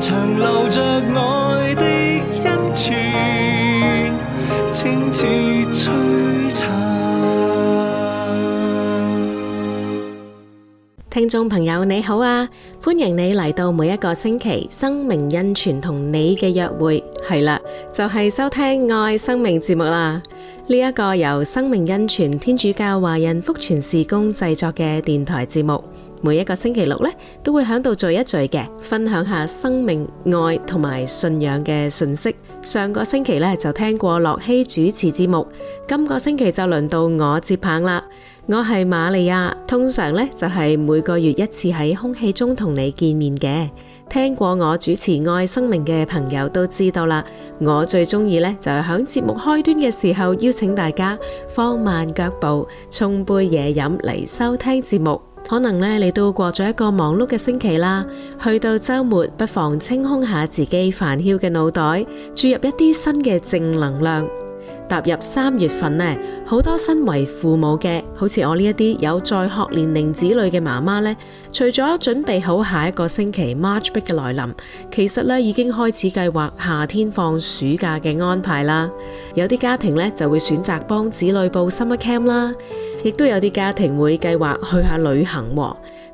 長流着愛的恩泉清澈璀璨。聽眾朋友你好啊，歡迎你嚟到每一個星期生命恩泉同你嘅約會，係啦，就係、是、收聽愛生命節目啦。呢、這、一個由生命恩泉天主教華人福傳事工製作嘅電台節目。每一個星期六呢，都會喺度聚一聚嘅，分享下生命、愛，同埋信仰嘅訊息。上個星期呢，就聽過樂希主持節目，今個星期就輪到我接棒啦。我係瑪利亞，通常呢，就係每個月一次喺空氣中同你見面嘅。聽過我主持愛生命嘅朋友都知道啦。我最鍾意呢，就係喺節目開端嘅時候，邀請大家，放慢腳步，沖杯嘢飲，嚟收聽節目。可能呢，你都過咗一個忙碌嘅星期啦。去到周末，不妨清空下自己煩囂嘅腦袋，注入一啲新嘅正能量。踏入三月份呢，好多身為父母嘅，好似我呢一啲有在學年齡子女嘅媽媽呢，除咗準備好下一個星期 March Break 嘅來臨，其實咧已經開始計劃夏天放暑假嘅安排啦。有啲家庭呢，就會選擇幫子女報 summer camp 啦，亦都有啲家庭會計劃去下旅行。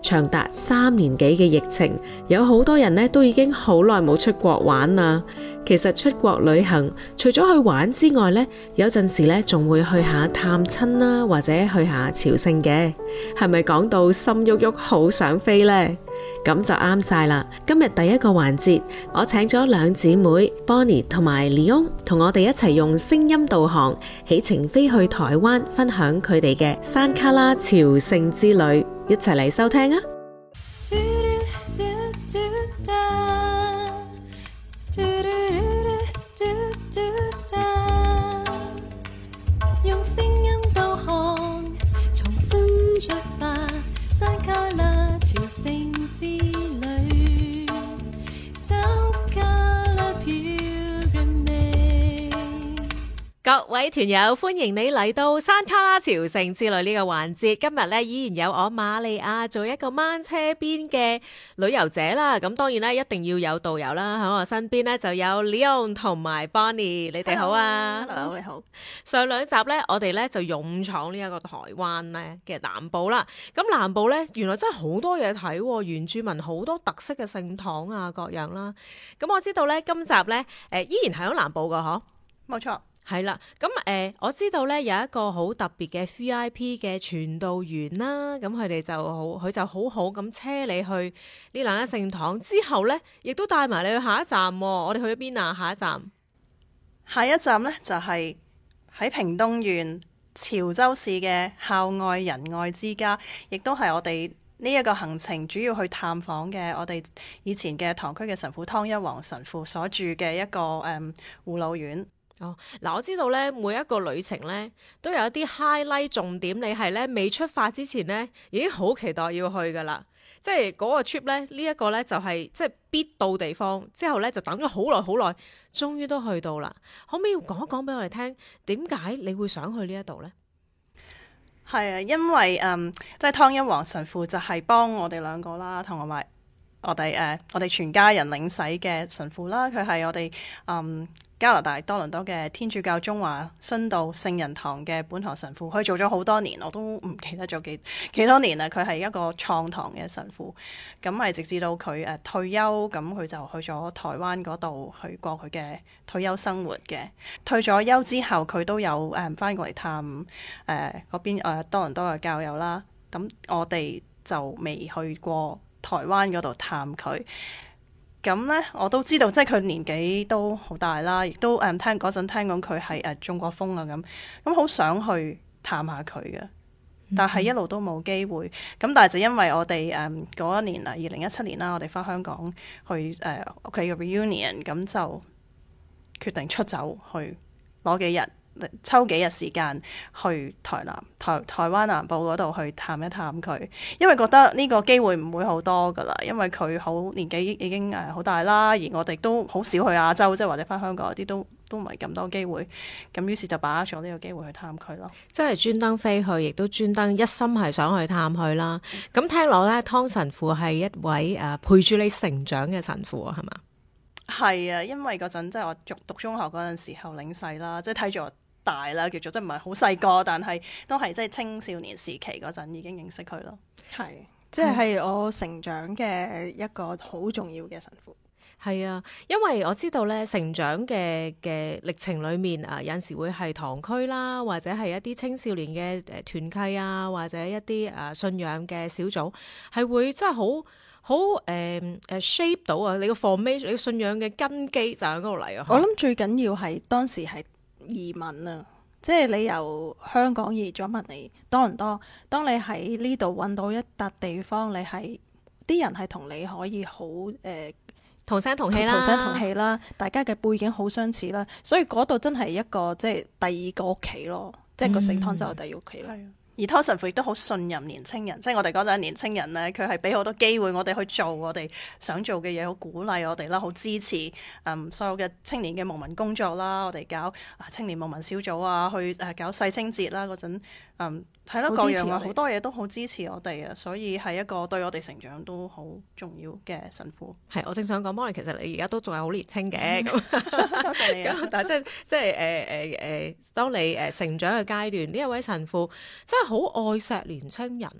長達三年幾嘅疫情，有好多人呢都已經好耐冇出國玩啦。其實出國旅行除咗去玩之外呢，有陣時呢仲會去下探親啦，或者去下朝聖嘅，係咪講到心喐喐好想飛呢？咁就啱晒啦！今日第一個環節，我請咗兩姊妹 Bonnie 同埋 Leon 同我哋一齊用聲音導航，起程飛去台灣，分享佢哋嘅山卡拉朝聖之旅，一齊嚟收聽啊！用聲音導航，重新出發，山卡拉。朝聖之旅。各位團友，歡迎你嚟到山卡拉朝聖之旅呢個環節。今日咧依然有我瑪利亞做一個掹車邊嘅旅遊者啦。咁當然啦，一定要有導遊啦。喺我身邊咧就有 Leon 同埋 b o n n y 你哋好啊。h e l l o 你好。上兩集咧，我哋咧就勇闖呢一個台灣咧嘅南部啦。咁南部咧原來真係好多嘢睇，哦，原住民好多特色嘅聖堂啊，各樣啦。咁我知道咧，今集咧誒、呃、依然係響南部噶，嗬？冇錯。係啦，咁誒、呃，我知道咧有一個好特別嘅 VIP 嘅傳道員啦，咁佢哋就，就好，佢就好好咁車你去呢兩間聖堂之後咧，亦都帶埋你去下一站、哦。我哋去咗邊啊？下一站，下一站咧就係、是、喺屏東縣潮州市嘅校外仁愛之家，亦都係我哋呢一個行程主要去探訪嘅。我哋以前嘅堂區嘅神父湯一王神父所住嘅一個誒護、嗯、老院。哦，嗱、oh, 啊、我知道咧，每一個旅程咧都有一啲 highlight 重點，你係咧未出發之前咧已經好期待要去噶啦，即係嗰個 trip 咧呢一、這個咧就係、是、即係必到地方，之後咧就等咗好耐好耐，終於都去到啦。可唔可以講一講俾我哋聽，點解你會想去呢一度咧？係啊，因為嗯，即係湯恩華神負責係幫我哋兩個啦，同埋。我哋誒，uh, 我哋全家人領洗嘅神父啦，佢係我哋誒、um, 加拿大多倫多嘅天主教中華殉道聖人堂嘅本堂神父，佢做咗好多年，我都唔記得咗幾幾多年啦。佢係一個創堂嘅神父，咁、嗯、係直至到佢誒、uh, 退休，咁、嗯、佢就去咗台灣嗰度去過佢嘅退休生活嘅。退咗休之後，佢都有誒返過嚟探誒嗰、uh, 邊、uh, 多倫多嘅教友啦。咁、嗯、我哋就未去過，台灣嗰度探佢，咁呢，我都知道，即係佢年紀都好大啦，亦都誒、嗯、聽嗰陣聽講佢係誒中過風啊，咁，咁好想去探下佢嘅，但係一路都冇機會，咁但係就因為我哋誒嗰一年啊，二零一七年啦，我哋返香港去誒屋企嘅 reunion，咁就決定出走去攞幾日。抽幾日時間去台南台台灣南部嗰度去探一探佢，因為覺得呢個機會唔會好多噶啦，因為佢好年紀已已經好大啦，而我哋都好少去亞洲，即係或者返香港啲都都唔係咁多機會，咁於是就把握咗呢個機會去探佢咯。即係專登飛去，亦都專登一心係想去探佢啦。咁聽落咧，湯神父係一位誒陪住你成長嘅神父啊，係嘛？係啊，因為嗰陣即係我讀中學嗰陣時候領洗啦，即係睇住我。大啦，叫做即係唔係好細個，但係都係即係青少年時期嗰陣已經認識佢咯。係，即係我成長嘅一個好重要嘅神父。係、嗯、啊，因為我知道咧，成長嘅嘅歷程裏面啊，有陣時會係堂區啦，或者係一啲青少年嘅誒團契啊，或者一啲誒、啊、信仰嘅小組，係會即係好好誒誒 shape 到啊，你個 formation，你信仰嘅根基就喺嗰度嚟啊。我諗最緊要係是當時係。移民啊，即係你由香港移咗嚟多倫多？當你喺呢度揾到一笪地方，你係啲人係同你可以好誒、呃、同聲同氣啦，同聲同氣啦，大家嘅背景好相似啦，所以嗰度真係一個即係第二個屋企咯，嗯、即係個食湯就係第二個屋企啦。而 t o s y n 神父亦都好信任年青人，即係我哋嗰陣年青人咧，佢係俾好多機會我哋去做我哋想做嘅嘢，好鼓勵我哋啦，好支持，嗯，所有嘅青年嘅牧民工作啦，我哋搞青年牧民小組啊，去誒搞世青節啦，嗰陣。嗯，係咯、um,，完樣好多嘢都好支持我哋啊，所以係一個對我哋成長都好重要嘅神父。係，我正想講，Bonnie，其實你而家都仲係好年青嘅，咁，多謝你，但係即係即係誒誒誒，當你誒成長嘅階段，呢一位神父真係好愛錫年青人，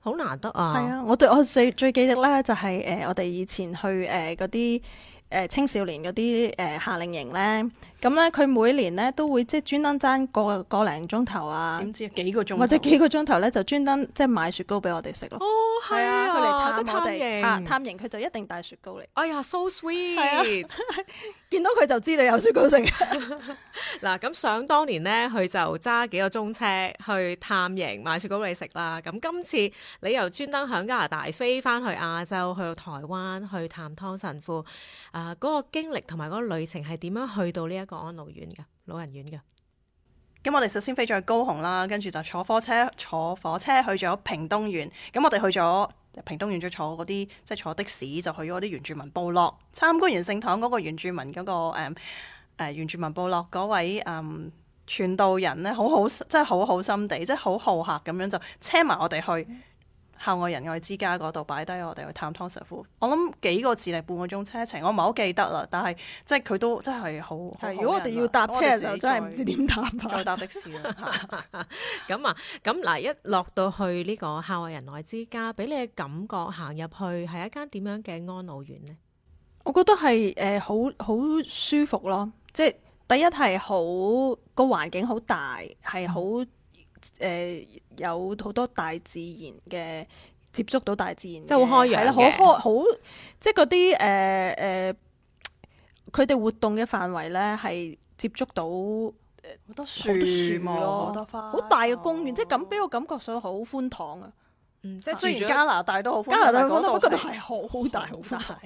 好難得啊！係 啊，我對我最最記得咧、就是，就係誒我哋以前去誒嗰啲誒青少年嗰啲誒夏令營咧。呢咁咧，佢每年咧都會即係專登爭個個零鐘頭啊！點知幾個鐘或者幾個鐘頭咧，就專登即係買雪糕俾我哋食咯。哦，係啊，啊即係探營啊，探營佢就一定帶雪糕嚟。哎呀，so sweet！見到佢就知你有雪糕食。嗱、 啊，咁想當年呢，佢就揸幾個鐘車去探營買雪糕俾你食啦。咁今次你又專登響加拿大飛翻去亞洲，去到台灣去探湯神父啊，嗰、那個經歷同埋嗰個旅程係點樣去到呢一個？安老院噶老人院噶，咁我哋首先飛咗去高雄啦，跟住就坐火車，坐火車去咗屏東縣，咁我哋去咗屏東縣，就坐嗰啲即係坐的士就去咗啲原住民部落參觀完聖堂嗰個原住民嗰、嗰個誒誒、嗯呃、原住民部落嗰位誒傳、嗯、道人咧，好好即係好好心地，即係好好客咁樣就車埋我哋去。嗯校外仁愛之家嗰度擺低，我哋去探湯師傅。我諗幾個字嚟，半個鐘車程，我唔係好記得啦。但係即係佢都真係好。係如果我哋要搭車嘅時候，真係唔知點搭啦。再搭的士啦。咁 啊，咁嗱，一落到去呢個校外仁愛之家，俾你嘅感覺行入去係一間點樣嘅安老院呢？我覺得係誒好好舒服咯。即係第一係好個環境好大，係好。嗯誒、呃、有好多大自然嘅接觸到大自然即開，即係好開闊嘅，好開好即係嗰啲誒誒，佢、呃、哋活動嘅範圍咧係接觸到好、呃、多樹木，好多，多花，好大嘅公園，即係咁俾我感覺上好寬敞啊！嗯，即係雖然加拿大都好，加拿大嗰度我都覺得係好大好大，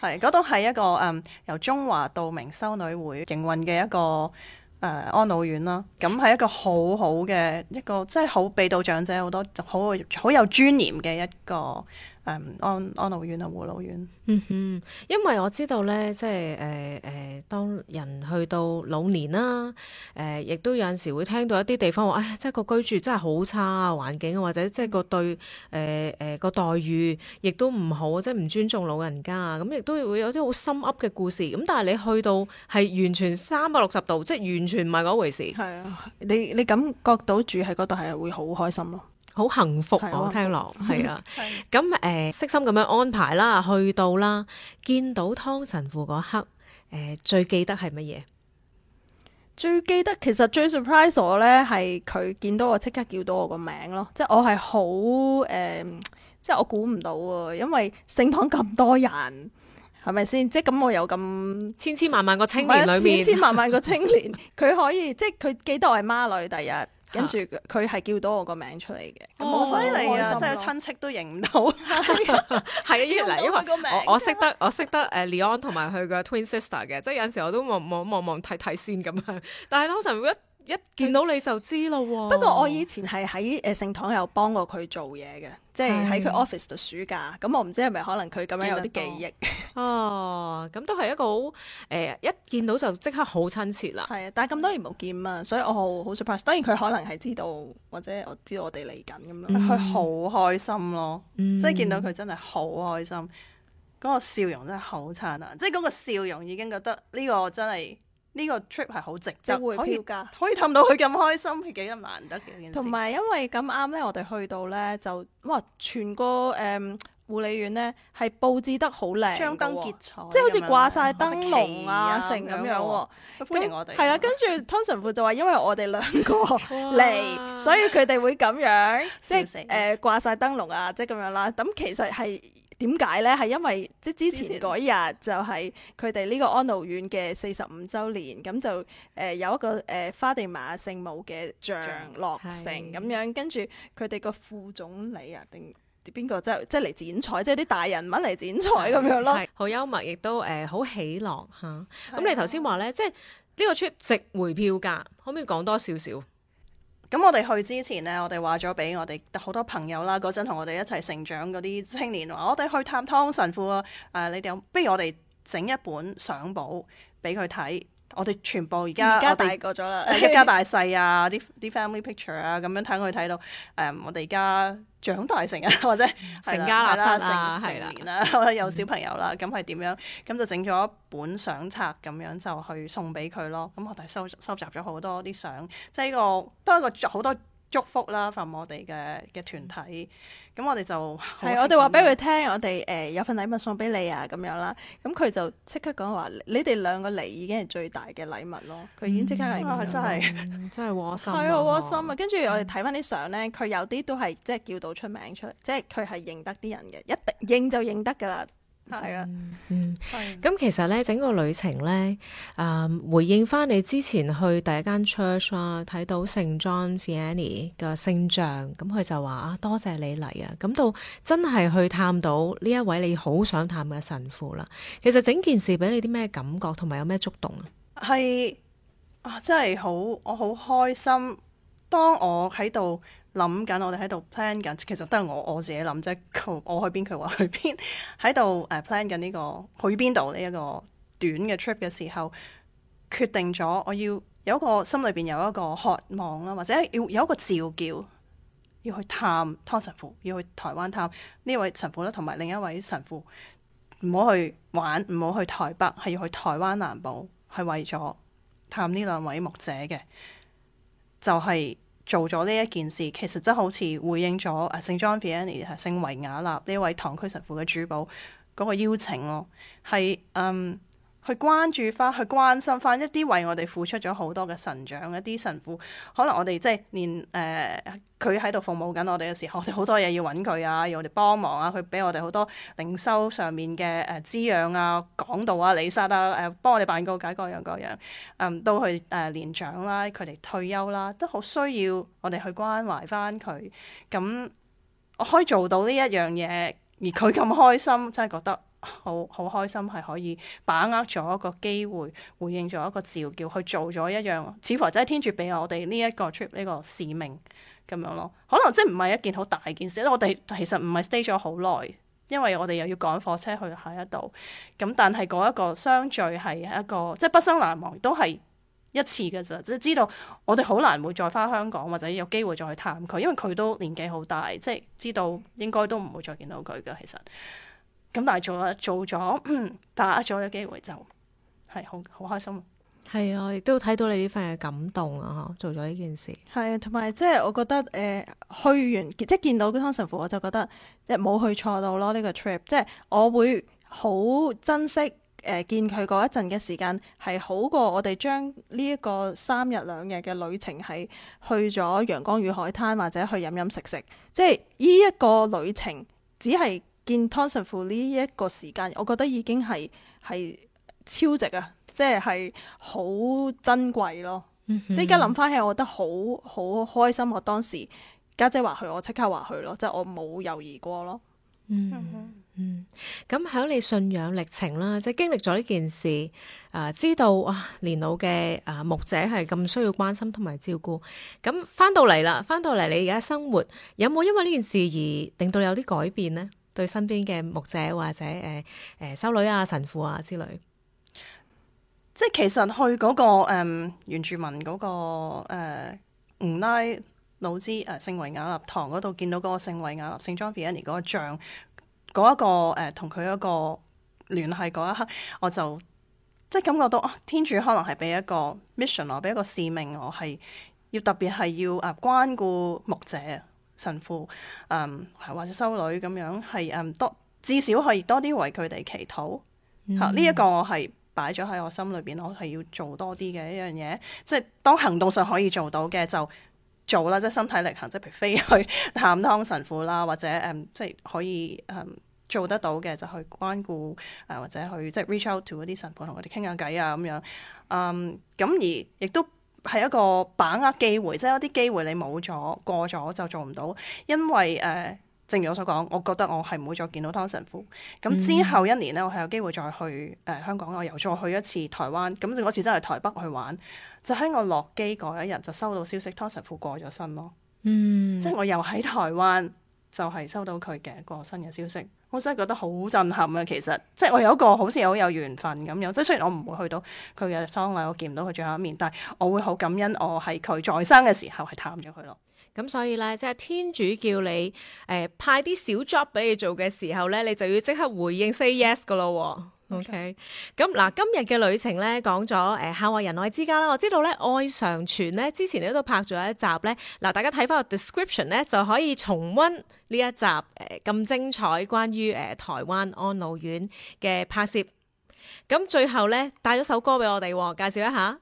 係嗰度係一個誒由中華道明修女會營運嘅一個。誒、uh, 安老院啦，咁係一個好好嘅一個，即係好俾到長者好多好好有尊嚴嘅一個。誒安安老院啊，護老院。嗯 哼，因為我知道咧，即係誒誒，當人去到老年啦、啊，誒、呃，亦都有陣時會聽到一啲地方話，誒、哎，即係個居住真係好差啊，環境、啊、或者即係個對誒誒個待遇亦都唔好，即係唔尊重老人家啊，咁、嗯、亦都會有啲好心噏嘅故事。咁但係你去到係完全三百六十度，即係完全唔係嗰回事。係啊，你你感覺到住喺嗰度係會好開心咯、啊。好幸福，我的聽落係啊！咁誒，悉心咁樣安排啦，去到啦，見到湯神父嗰刻，誒最記得係乜嘢？最記得,最記得其實最 surprise 我咧係佢見到我即刻叫到我個名咯，即係我係好誒，即係我估唔到啊，因為聖堂咁多人，係咪先？即係咁我有咁千千萬萬個青年裏面，千千萬萬個青年，佢 可以即係佢記得我係媽女，第日。跟住佢係叫到我個名出嚟嘅，咁好犀利啊！即係親戚都認唔到 係啊，因為嗱，因為我 我識得我識得誒、 uh, Leon 同埋佢個 twin sister 嘅， 即係有陣時我都望望望望睇睇先咁樣，但係通常如果。一見到你就知咯喎、哦！不過我以前係喺誒聖堂有幫過佢做嘢嘅，的即係喺佢 office 度暑假。咁我唔知係咪可能佢咁樣有啲記憶。哦，咁、啊、都係一個好誒、呃，一見到就即刻好親切啦。係啊，但係咁多年冇見啊，所以我好 surprise。當然佢可能係知道，或者我知道我哋嚟緊咁樣。佢好、嗯、開心咯，即係、嗯、見到佢真係好開心，嗰、那個笑容真係好燦爛，即係嗰個笑容已經覺得呢個真係。呢個 trip 係好值得，可以可以氹到佢咁開心，佢幾咁難得嘅一件事。同埋因為咁啱咧，我哋去到咧就哇，全個誒護理院咧係佈置得好靚，張燈結彩，即係好似掛晒燈籠啊成咁樣。歡迎我哋。係啊，跟住湯神父就話，因為我哋兩個嚟，所以佢哋會咁樣，即係誒掛晒燈籠啊，即係咁樣啦。咁其實係。點解咧？係因為即係之前嗰日就係佢哋呢個安老院嘅四十五週年，咁就誒、呃、有一個誒、呃、花地瑪聖母嘅像落成咁樣，跟住佢哋個副總理啊定邊個即係即係嚟剪彩，即係啲大人物嚟剪彩咁樣咯。好幽默，亦都誒好喜樂嚇。咁、呃嗯是啊、你頭先話咧，即係呢個 trip 值回票價，可唔可以講多少少？咁我哋去之前咧，我哋話咗畀我哋好多朋友啦，嗰陣同我哋一齊成長嗰啲青年話：我哋去探湯神父啊！誒、啊，你哋有不如我哋整一本相簿俾佢睇。我哋全部而家，而家大個咗啦，一家大細啊，啲啲 family picture 啊，咁樣睇我哋睇到，誒、um，我哋而家長大成人、啊，或者成家立室成年啦、啊， 有小朋友啦，咁係點樣？咁就整咗一本相冊樣，咁樣就去送俾佢咯。咁我哋收收集咗好多啲相，即係呢個都係個好多。祝福啦，份我哋嘅嘅團體，咁我哋就係我哋話俾佢聽，我哋誒、呃、有份禮物送俾你啊，咁樣啦，咁佢就即刻講話你哋兩個嚟已經係最大嘅禮物咯，佢、嗯、已經即刻係咁、啊、真係、嗯、真係窩心，係好窩心啊！跟住、 啊啊嗯、我哋睇翻啲相咧，佢有啲都係即係叫到出名出嚟，即係佢係認得啲人嘅，一定認就認得噶啦。係啊、嗯，嗯，係。咁其實咧，整個旅程咧，誒、嗯，回應翻你之前去第一間 church 啊，睇到聖 John Vianney 嘅聖像，咁佢就話啊，多謝你嚟啊。咁到真係去探到呢一位你好想探嘅神父啦。其實整件事俾你啲咩感覺，同埋有咩觸動啊？係啊，真係好，我好開心。當我喺度。諗緊，我哋喺度 plan 緊，其實都係我我自己諗啫。即係我去邊，佢話去邊，喺度誒 plan 緊呢個去邊度呢一個短嘅 trip 嘅時候，決定咗我要有一個心裏邊有一個渴望啦，或者要有一個召叫，要去探湯神父，要去台灣探呢位神父啦，同埋另一位神父。唔好去玩，唔好去台北，係要去台灣南部，係為咗探呢兩位牧者嘅，就係、是。做咗呢一件事，其實真係好似回應咗啊聖 John Vianney、聖維亞納呢位堂區神父嘅主保嗰、那個邀請咯，係嗯。Um 去關注翻，去關心翻一啲為我哋付出咗好多嘅神長，一啲神父，可能我哋即係連誒佢喺度服務緊我哋嘅時候，我哋好多嘢要揾佢啊，要我哋幫忙啊，佢俾我哋好多靈修上面嘅誒滋養啊、講道啊、彌撒啊、誒、呃、幫我哋辦告解各樣各樣、各樣，嗯，到去誒年長啦、佢哋退休啦，都好需要我哋去關懷翻佢。咁我可以做到呢一樣嘢，而佢咁開心，真係覺得。好好開心，係可以把握咗一個機會，回應咗一個召叫，去做咗一樣，似乎真係天主俾我哋呢一個 trip 呢個使命咁樣咯。可能即係唔係一件好大件事，我哋其實唔係 stay 咗好耐，因為我哋又要趕火車去下一度。咁但係嗰一個相聚係一個即係畢生難忘，都係一次噶咋。即係知道我哋好難會再翻香港，或者有機會再去探佢，因為佢都年紀好大，即係知道應該都唔會再見到佢噶。其實。咁但係做啊做咗，把握咗嘅機會就係好好開心。係啊，亦都睇到你呢份嘅感動啊！做咗呢件事係啊，同埋即係我覺得誒、呃、去完即係見到湯臣府，我就覺得即係冇去錯到咯呢個 trip。即係我會好珍惜誒、呃、見佢嗰一陣嘅時間，係好過我哋將呢一個三日兩日嘅旅程係去咗陽光與海灘，或者去飲飲食食。即係呢一個旅程，只係。見湯神父呢一個時間，我覺得已經係係超值啊，即係係好珍貴咯。嗯、哼即係而家諗翻起，我覺得好好開心。我當時家姐話去，我即刻話去咯，即係我冇猶豫過咯。嗯，咁、嗯、喺你信仰歷程啦，即、就、係、是、經歷咗呢件事啊，知道哇、啊、年老嘅誒牧者係咁需要關心同埋照顧。咁翻到嚟啦，翻到嚟你而家生活有冇因為呢件事而令到你有啲改變呢？對身邊嘅牧者或者誒誒、呃呃、修女啊、神父啊之類，即係其實去嗰、那個誒、嗯、原住民嗰、那個誒、呃、烏拉老茲誒聖維亞納堂嗰度見到嗰個聖維雅納聖 John Vianney 嗰個像，嗰一個誒同佢一個聯繫嗰一刻，我就即係感覺到天主可能係俾一個 mission 我，俾一個使命我，係要特別係要啊關顧牧者。神父，嗯，或者修女咁樣，係嗯多至少可以多啲為佢哋祈禱。嚇、嗯，呢一個我係擺咗喺我心裏邊，我係要做多啲嘅一樣嘢，即係當行動上可以做到嘅就做啦。即係身體力行，即係譬如飛去探湯神父啦，或者嗯，即係可以嗯做得到嘅就去關顧，誒、呃、或者去即係 reach out to 嗰啲神父同佢哋傾下偈啊咁樣。嗯，咁而亦都。係一個把握機會，即係有啲機會你冇咗過咗就做唔到，因為誒、呃，正如我所講，我覺得我係唔會再見到湯神父。咁之後一年咧，我係有機會再去誒、呃、香港，我又再去一次台灣。咁嗰次真係去台北去玩，就喺我落機嗰一日就收到消息，湯神父過咗身咯。嗯，即係我又喺台灣。就係收到佢嘅一個新嘅消息，我真係覺得好震撼啊！其實即係我有一個好似好有緣分咁樣，即雖然我唔會去到佢嘅喪禮，我見唔到佢最後一面，但係我會好感恩，我係佢在生嘅時候係探咗佢咯。咁所以咧，即係天主叫你誒、呃、派啲小 job 俾你做嘅時候咧，你就要即刻回應 say yes 噶咯。O K，咁嗱，今日嘅旅程咧，講咗誒，校外人愛之家」啦。我知道咧，愛常傳咧，之前你都拍咗一集咧。嗱，大家睇翻個 description 咧，就可以重温呢一集誒，咁精彩關於誒台灣安老院嘅拍攝。咁最後咧，帶咗首歌俾我哋，介紹一下。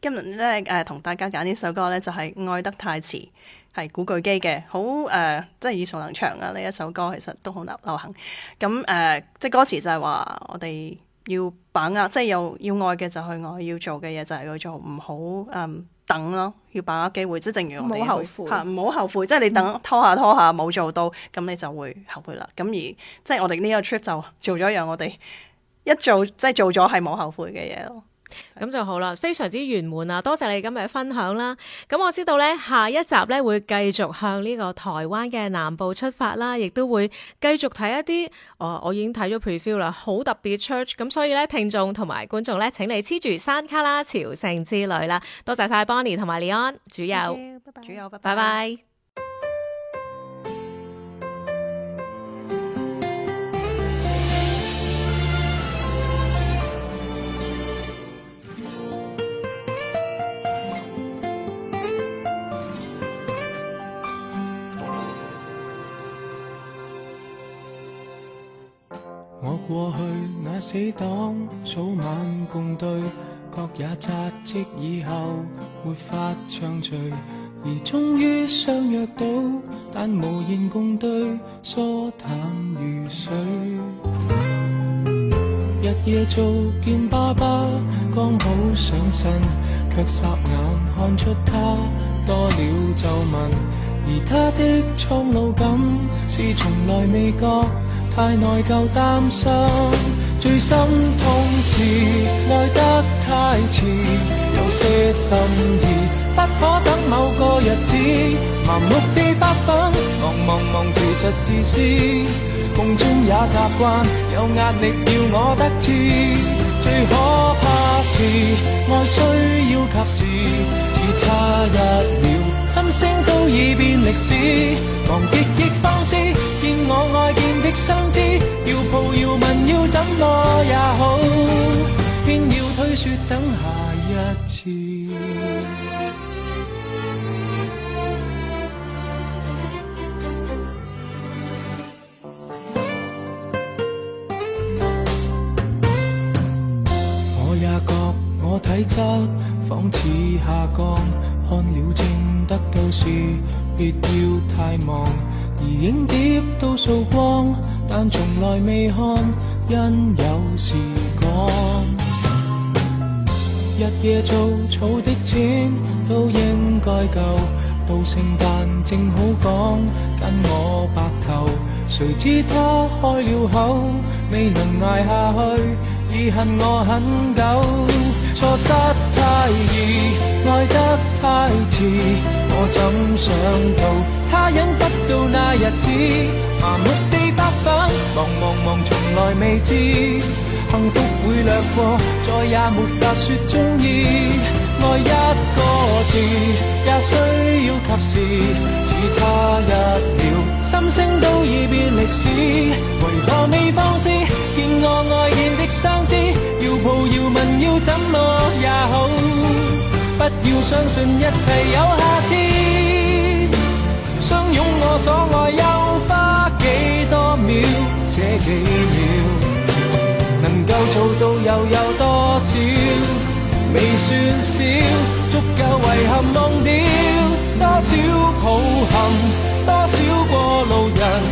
今日咧誒，同大家揀呢首歌咧，就是，就係愛得太遲。係古巨基嘅，好誒，即係耳熟能詳啊！呢一首歌其實都好流流行。咁誒、呃，即係歌詞就係話，我哋要把握，即係有要，要愛嘅就去愛，要做嘅嘢就係去做，唔好誒等咯。要把握機會，即係正如我哋後悔，唔好後悔。即係你等拖下拖下冇做到，咁你就會後悔啦。咁而即係我哋呢個 trip 就做咗一樣，我哋一做即係做咗係冇後悔嘅嘢咯。咁 就好啦，非常之圓滿啊！多謝你今日分享啦。咁、嗯、我知道咧，下一集咧會繼續向呢個台灣嘅南部出發啦，亦都會繼續睇一啲。哦，我已經睇咗 preview 啦，好特別 church。咁所以咧，聽眾同埋觀眾咧，請你黐住山卡拉朝聖之旅啦。多謝晒 Bonnie 同埋 Leon 主友，拜拜，主友，拜拜。過去那死黨早晚共對，各也扎職以後沒法暢聚，而終於相約到，但無言共對，疏淡如水。日 夜做見爸爸剛好想呻，卻霎眼看出他多了皺紋，而他的蒼老感是從來未覺。太內疚擔心，最心痛是愛得太遲。有些心意不可等某個日子，盲目地發奮忙忙忙其實自私，夢中也習慣有壓力要我得志，最可怕是愛需要及時，只差一秒，心聲都已變歷史，忘記憶方式。我愛見的相知，要抱要吻，要怎麼也好，偏要推説等下一次。 我也覺我體質仿似下降，看了症得到是，別要太忙。而影碟都掃光，但從來未看，因有事趕。日 夜做儲的錢都應該夠，到聖誕正好講跟我白頭。誰知他開了口，未能捱下去，已恨我很久。 錯失太易，愛得太遲，我怎想到？他忍不到那日子，麻木地發奮，忙忙忙，從來未知幸福會掠過，再也沒法說中意。愛一個字也需要及時。只差一秒，心聲都已變歷史，為何未放肆？見我愛見的相知，要抱要問，要怎麼也好，不要相信一切有下次。所愛又花幾多秒？這幾秒能夠做到又有多少？未算少，足夠遺憾忘掉。多少抱憾？多少過路人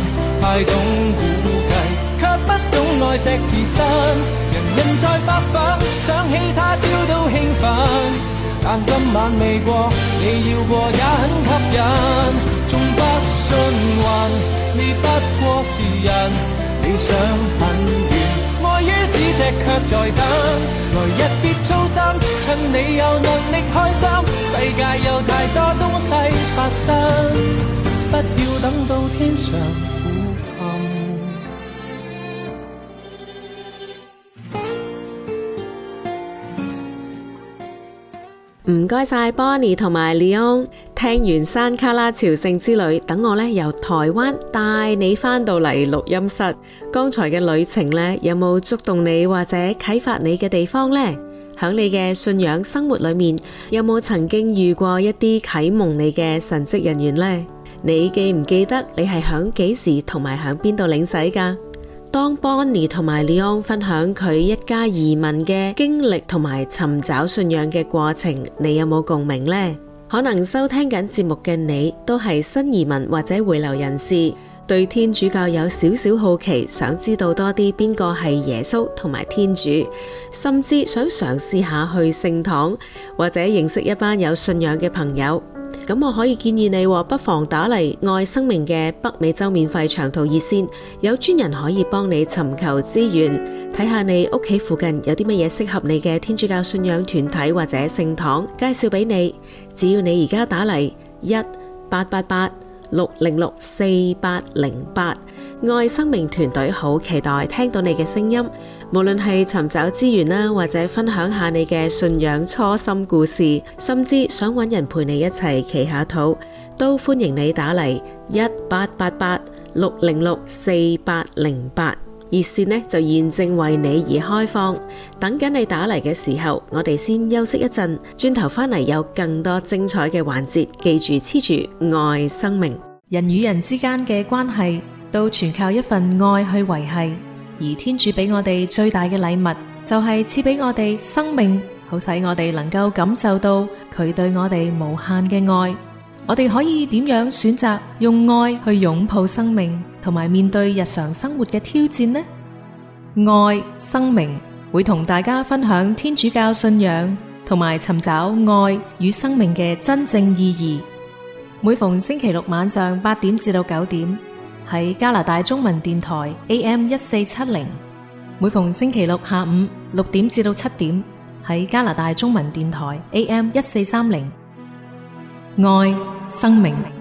太懂估計，卻不懂愛惜自身。人人在發奮，想起他朝都興奮。但今晚未過，你要過也很吸引。縱不信運，你不過是人，你想很遠。愛於咫尺卻在等，來日別操心，趁你有能力開心。世界有太多東西發生，不要等到天上。唔該晒 Bonnie 同埋 Leon，聽完山卡拉朝聖之旅，等我由台灣帶你翻到嚟錄音室。剛才嘅旅程咧，有冇觸動你或者啟發你嘅地方呢？響你嘅信仰生活裏面，有冇曾經遇過一啲啟蒙你嘅神職人員呢？你記唔記得你係響幾時同埋響邊度領洗噶？當 Bonnie 同埋 Leon 分享佢一家移民嘅經歷同埋尋找信仰嘅過程，你有冇共鳴呢？可能收聽緊節目嘅你都係新移民或者回流人士，對天主教有少少好奇，想知道多啲邊個係耶穌同埋天主，甚至想嘗試下去聖堂或者認識一班有信仰嘅朋友。咁我可以建議你，不妨打嚟愛生命嘅北美洲免費長途熱線，有專人可以幫你尋求資源，睇下你屋企附近有啲乜嘢適合你嘅天主教信仰團體或者聖堂介紹俾你。只要你而家打嚟一八八八六零六四八零八，8，愛生命團隊好期待聽到你嘅聲音。無論係尋找資源啦，或者分享下你嘅信仰初心故事，甚至想揾人陪你一齊祈下禱，都歡迎你打嚟，一八八八六零六四八零八熱線呢就現正為你而開放。等緊你打嚟嘅時候，我哋先休息一陣，轉頭返嚟有更多精彩嘅環節。記住黐住愛生命，人與人之間嘅關係都全靠一份愛去維繫。而天主俾我哋最大嘅禮物，就係賜俾我哋生命，好使我哋能夠感受到佢對我哋無限嘅愛。我哋可以點樣選擇用愛去擁抱生命，同埋面對日常生活嘅挑戰呢？愛、生命，會同大家分享天主教信仰，同埋尋找愛與生命嘅真正意義。每逢星期六晚上八點至到九點。喺加拿大中文電台 AM 一四七零，每逢星期六下午六點至到七點，喺加拿大中文電台 AM 一四三零，愛生命。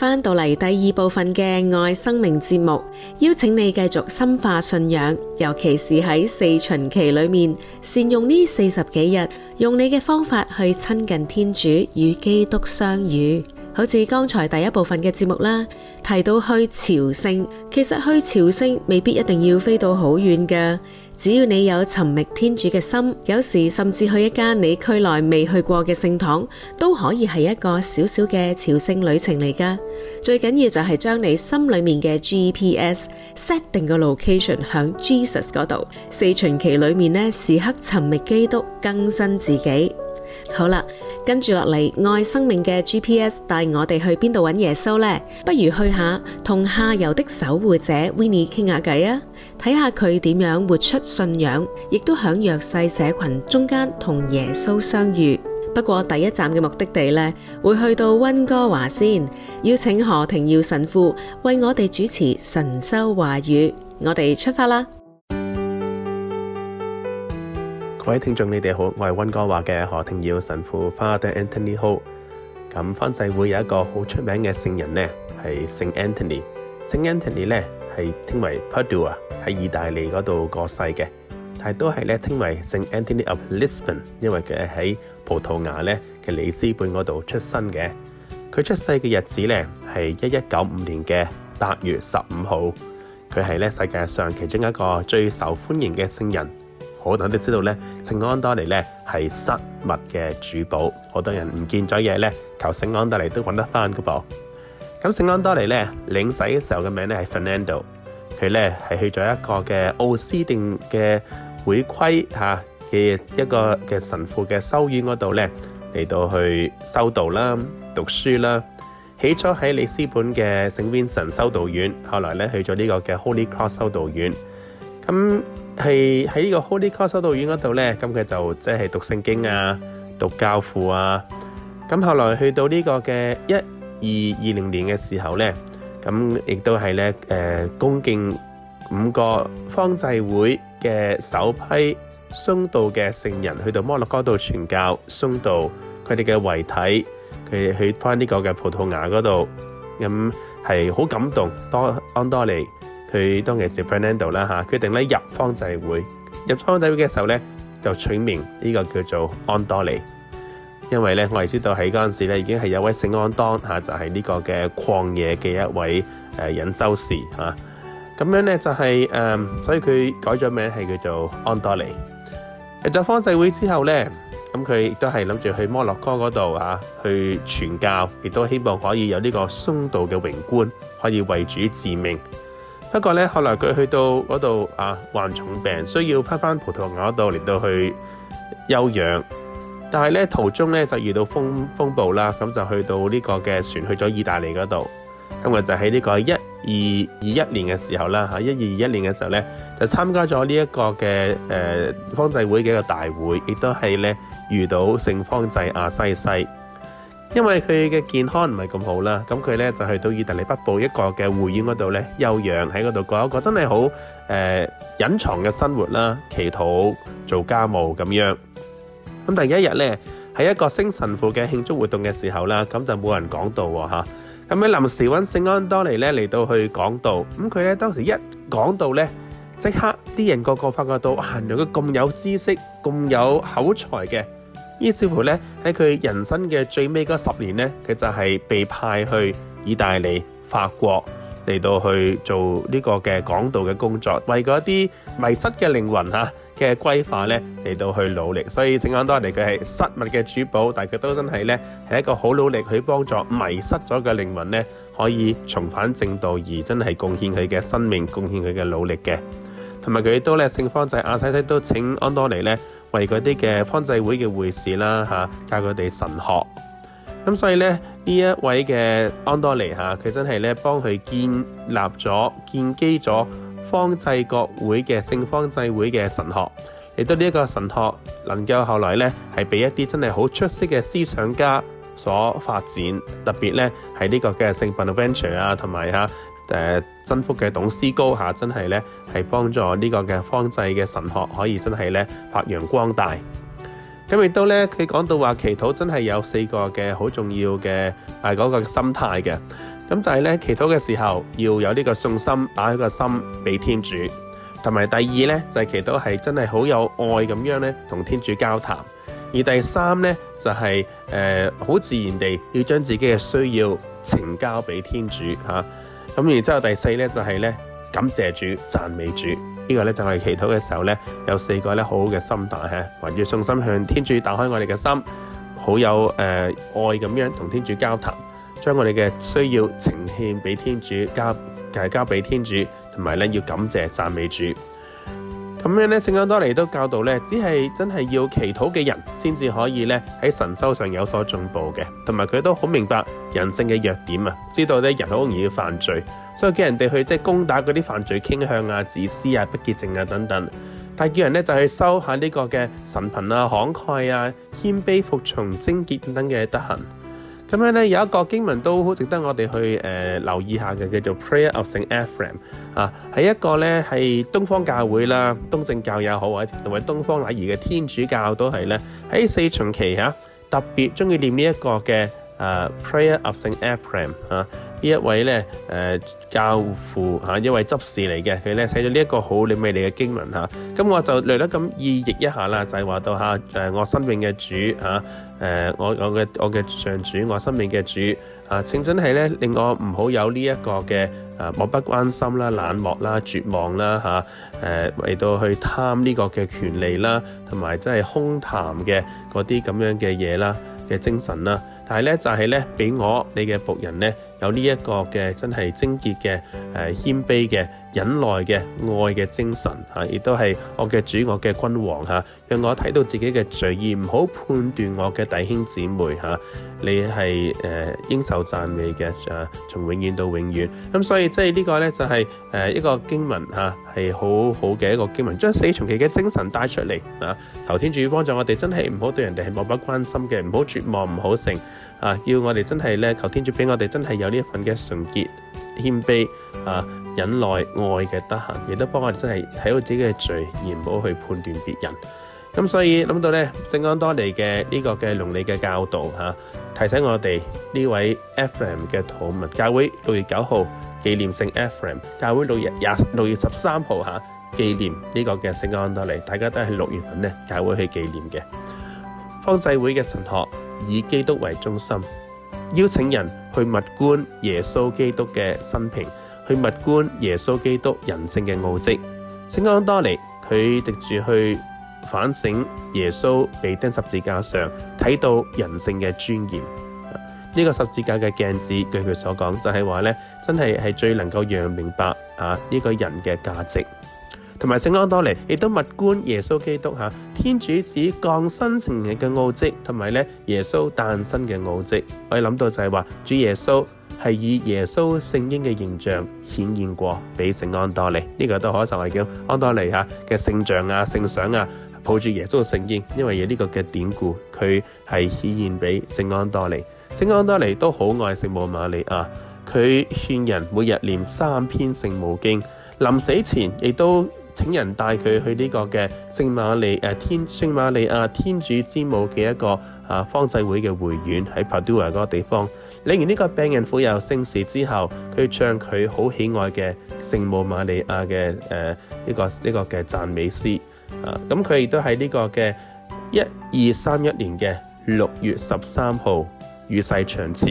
翻到嚟第二部分嘅愛生命節目，邀請你繼續深化信仰，尤其是喺四旬期裏面，善用呢四十幾日，用你嘅方法去親近天主與基督相遇。好似剛才第一部分嘅節目啦，提到去朝聖，其實去朝聖未必一定要飛到好遠㗎。只要你有尋覓天主嘅心，有時甚至去一間你區內未去過嘅聖堂，都可以係一個小小嘅朝聖旅程嚟㗎。最緊要就係將你心裏面嘅 GPS set 定個 location 響 Jesus 嗰度。四旬期裏面呢時刻尋覓基督，更新自己。好啦，跟住落嚟，愛生命嘅 GPS 帶我哋去邊度揾耶穌呢？不如去下同下游的守護者 Winnie 傾下偈啊！睇下佢點樣活出信仰，亦都響弱勢社群中間同耶穌相遇。不過第一站嘅目的地呢，會去到温哥華先，邀請何庭耀神父為我哋主持神修話語。我哋出發啦！各位聽眾，你哋好，我係温哥華嘅何庭耀神父，Father Anthony Ho。咁翻世會有一個好出名嘅聖人呢，係聖 Anthony。聖 Anthony 咧。係稱為 Padua，喺意大利嗰度過世嘅，但係都係咧稱為聖 Anthony of Lisbon，因為佢喺葡萄牙咧嘅里斯本嗰度出生嘅。佢出世嘅日子咧係一一九五年嘅八月十五號。佢係咧世界上其中一個最受歡迎嘅聖人，好多人都知道咧，聖安多尼咧係失物嘅主保，好多人唔見咗嘢咧，求聖安多尼都揾得翻嘅噃。咁聖安多尼咧，領洗嘅時候嘅名咧係 Fernando，佢咧係去咗一個嘅奧斯定嘅會規嚇嘅一個嘅神父嘅修院嗰度咧嚟到去修道啦、讀書啦。起初喺里斯本嘅聖 Vincent 修道院，後來咧去咗呢個嘅 Holy Cross 修道院。咁係喺呢個 Holy Cross 修道院嗰度咧，咁佢就即係讀聖經啊、讀教父啊。咁後來去到呢個嘅一二二零年嘅時候呢，咁亦都係呢，誒，恭敬五個方濟會嘅首批殉道嘅聖人去到摩洛哥度傳教殉道，佢哋嘅遺體佢去返呢個嘅葡萄牙嗰度，咁係好感動。多安多尼，佢當其時 Fernando 啦嚇，決定呢入方濟會，入方濟會嘅時候呢就取名呢個叫做安多尼。因為咧，我哋知道喺嗰陣時咧，已經係有位聖安當嚇，就係、是、呢個嘅曠野嘅一位誒隱修士嚇。咁、啊、樣咧就係、是、誒、嗯，所以佢改咗名係叫做安多尼。入咗方濟會之後咧，咁佢亦都係諗住去摩洛哥嗰度嚇去傳教，亦都希望可以有呢個殉道嘅榮冠，可以為主致命。不過咧，後來佢去到嗰度啊，患重病，需要返翻葡萄牙度嚟到去休養。但係咧途中咧就遇到風風暴啦，咁就去到呢個嘅船去咗意大利嗰度。咁啊就喺呢個一二二一年嘅時候啦嚇，一二二一年嘅時候咧就參加咗呢一個嘅誒方濟會嘅一個大會，亦都係咧遇到聖方濟亞西西。因為佢嘅健康唔係咁好啦，咁佢咧就去到意大利北部一個嘅會院嗰度咧休養，喺嗰度過一個真係好誒隱藏嘅生活啦，祈禱、做家務咁樣。咁第一日咧，喺一個升神父嘅慶祝活動嘅時候啦，咁就冇人講道喎嚇。咁喺臨時揾聖安多尼咧嚟到去講道，咁佢咧當時一講道咧，即刻啲人個個發覺到，啊原來佢咁有知識，咁有口才嘅。於是乎咧喺佢人生嘅最尾嗰十年咧，佢就係被派去意大利、法國嚟到去做呢個嘅講道嘅工作，為嗰啲迷失嘅靈魂嚇。嘅規劃咧嚟到去努力，所以請安多尼佢係失物嘅主保，但佢都真係咧係一個好努力去幫助迷失咗嘅靈魂咧，可以重返正道而真係貢獻佢嘅生命，貢獻佢嘅努力嘅。同埋佢都咧聖方濟亞西西都請安多尼咧為嗰啲嘅方濟會嘅會士啦嚇教佢哋神學。咁所以咧呢一位嘅安多尼嚇佢真係咧幫佢建立咗建基咗。方濟國會嘅聖方濟會嘅神學，亦都呢一個神學能夠後來呢係被一啲真係好出色嘅思想家所發展，特別呢係呢個嘅聖 Bonaventure 啊，同埋吓誒，真福嘅董思高吓，真係呢係幫助呢個嘅方濟嘅神學可以真係呢發揚光大。咁亦都呢，佢講到話祈禱真係有四個嘅好重要嘅誒嗰個心態嘅。咁就係呢祈禱嘅時候要有呢個信心，打開個心俾天主，同埋第二呢，就係、是、祈禱係真係好有愛咁樣呢同天主交談，而第三呢，就係誒好自然地要將自己嘅需要呈交俾天主吓，咁、啊、然之後第四呢，就係、是、呢感謝主讚美主，呢、這個呢，就係、是、祈禱嘅時候呢，有四個呢好好嘅心態吓，圍繞信心，向天主打開我哋嘅心，好有誒、呃、愛咁樣同天主交談，將我哋嘅需要呈獻俾天主，交介交俾天主，同埋咧要感謝讚美主。咁樣咧，聖安多尼都教導咧，只係真係要祈禱嘅人先至可以咧喺神修上有所進步嘅，同埋佢都好明白人性嘅弱點啊，知道咧人好容易要犯罪，所以叫人哋去即係攻打嗰啲犯罪傾向啊、自私啊、不潔淨啊等等，但係叫人咧就去修下呢個嘅神貧啊、慷慨啊、謙卑、服從、貞潔等等嘅德行。咁樣咧，有一個經文都好值得我哋去誒、呃、留意下嘅，叫做《Prayer of Saint Ephraim》啊，係一個咧係東方教會啦、東正教也好，或者同埋東方禮儀嘅天主教都係咧喺四旬期嚇特別中意念呢一個嘅。誒、uh, Prayer of Saint Ephrem 啊，呢一位咧誒、呃、教父嚇、啊、一位執事嚟嘅，佢咧寫咗呢一個好美麗嘅經文嚇。咁、啊嗯、我就略得咁意譯一下啦，就係、是、話到嚇誒、啊、我生命嘅主啊誒我我嘅我嘅上主，我生命嘅主啊，請真係咧令我唔好有呢一個嘅誒漠不關心啦、冷漠啦、絕望啦嚇誒嚟到去貪呢個嘅權利啦，同埋真係空談嘅嗰啲咁樣嘅嘢啦。嘅精神啦，但係咧就係咧俾我你嘅僕人咧有呢一個嘅真係貞潔嘅誒謙卑嘅。忍耐嘅愛嘅精神，嚇，亦都係我嘅主，我嘅君王嚇，讓我睇到自己嘅罪，而唔好判斷我嘅弟兄姊妹嚇。你係誒應受讚美嘅誒，從永遠到永遠。咁所以即係呢個咧就係誒一個經文嚇，係好好嘅一個經文，將四旬期嘅精神帶出嚟啊！求天主幫助我哋，真係唔好對人哋係漠不關心嘅，唔好絕望，唔好盛啊！要我哋真係咧，求天主俾我哋真係有呢一份嘅純潔謙卑啊！忍耐愛嘅德行，亦都幫我哋真係睇到自己嘅罪，而唔好去判斷別人。咁所以諗到咧，聖安多尼嘅呢個嘅倫理嘅教導吓、啊，提醒我哋呢位 Ephrem 嘅圖文教會六月九號紀念聖 Ephrem，教會六月廿六月十三號吓、啊、紀念呢個嘅聖安多尼，大家都係六月份呢教會去紀念嘅。方濟會嘅神學以基督為中心，邀請人去默觀耶穌基督嘅生平。去物觀耶穌基督人性嘅奧跡，聖安多尼佢滴住去反省耶穌被釘十字架上，睇到人性嘅尊嚴。呢、啊這個十字架嘅鏡子，據佢所講，就係話呢真係係最能夠讓明白啊呢、這個人嘅價值。同埋聖安多尼亦都物觀耶穌基督嚇、啊、天主子降生成人嘅奧跡，同埋呢耶穌誕生嘅奧跡。我諗到就係話，主耶穌。係以耶穌聖嬰嘅形象顯現過俾聖安多尼，呢、這個都可成為叫安多尼嚇嘅聖像啊、聖相啊，抱住耶穌嘅聖嬰，因為有呢個嘅典故，佢係顯現俾聖安多尼。聖安多尼都好愛聖母瑪利亞，佢勸人每日念三篇聖母經，臨死前亦都請人帶佢去呢個嘅聖瑪利誒天聖瑪利亞天主之母嘅一個啊方濟會嘅會院喺 Padua 嗰個地方。領完呢個病人傅油聖事之後，佢唱佢好喜愛嘅聖母瑪利亞嘅誒呢個呢個嘅讚美詩啊。咁佢亦都喺呢個嘅一二三一年嘅六月十三號與世長辭，